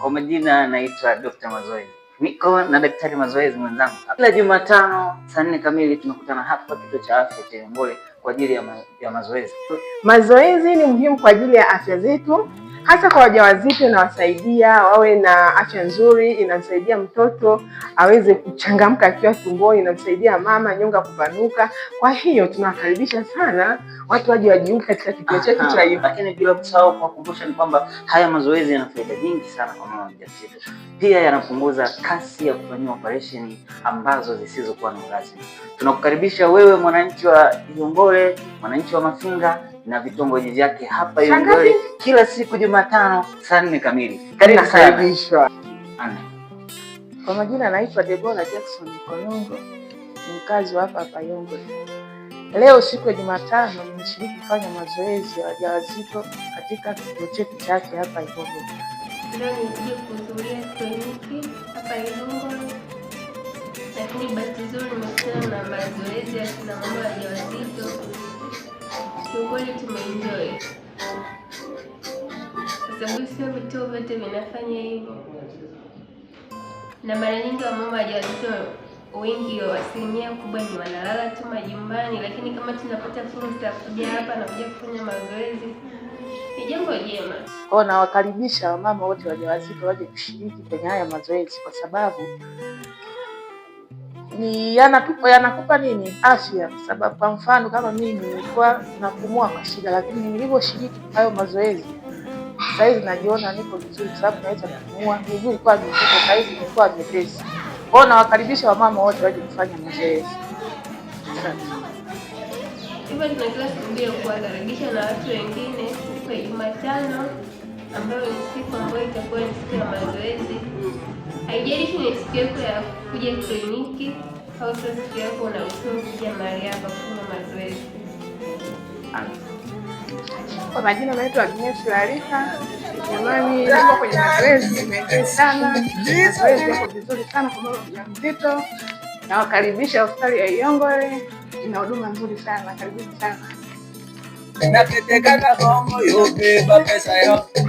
Kwa majina naitwa Dr. Mazoezi. Niko na daktari mazoezi mwenzangu. Kila Jumatano saa nne kamili tunakutana hapa kituo cha afya cha Mbole kwa ajili ya, ma ya mazoezi. Mazoezi ni muhimu kwa ajili ya afya zetu hasa kwa wajawazito inawasaidia wawe na afya nzuri, inamsaidia mtoto aweze kuchangamka akiwa tumboni, inamsaidia mama nyonga kupanuka. Kwa hiyo tunawakaribisha sana watu waje wajiunge katika kituo chetu cha hiyo. Lakini bila kusahau kuwakumbusha ni kwamba haya mazoezi yana faida nyingi sana kwa mama mjamzito, pia yanapunguza kasi ya kufanyiwa operesheni ambazo zisizokuwa na urasmi. Tunakukaribisha wewe mwananchi wa Ilongole wananchi wa Mafinga na vitongoji vyake hapa Uyole kila siku Jumatano saa nne kamili. Karibu sana. Kwa majina anaitwa Debora Jackson Konongo, ni mkazi wa hapa hapa Yongo. Leo siku ya Jumatano nimeshiriki kufanya mazoezi ya wajawazito katika kituo chetu cha afya hapa Igogo. Leo nimekuja kuhudhuria kliniki hapa Igogo, lakini bahati nzuri nimekutana na mazoezi ya kina mama enjoy. Kwa sababu sio vituo vyote vinafanya hivyo, na mara nyingi wamama wajawazito wengi wa asilimia kubwa ni wanalala tu majumbani, lakini kama tunapata fursa ya kuja hapa na kuja kufanya mazoezi ni jambo jema. Kwa nawakaribisha wamama wote wajawazito waje kushiriki kwenye haya mazoezi kwa sababu ni yanakupa yanakupa nini afya, sababu kwa mfano kama mimi nilikuwa napumua kwa shida, lakini nilivyoshiriki hayo mazoezi sasa najiona niko vizuri, sababu naweza kupumua miguu, ilikuwa mizito, sasa hivi ilikuwa Kwao nawakaribisha wamama wote waje kufanya mazoezi. Hivyo tuna kila kuwakaribisha na watu wengine siku ya Jumatano ambayo ni siku ambayo itakuwa ni siku ya mazoezi. Haijalishi ni siku yako ya kuja kliniki au sio siku yako, una usimu kuja mahali hapa kufanya mazoezi. Kwa majina naitwa Agnes Larifa. Jamani, niko kwenye mazoezi, nimeenjoy sana mazoezi, yako vizuri sana kwa mama mjamzito. Nawakaribisha hospitali ya Ihongole, ina huduma nzuri sana, karibuni sana. Natetekana bongo yote, pesa yote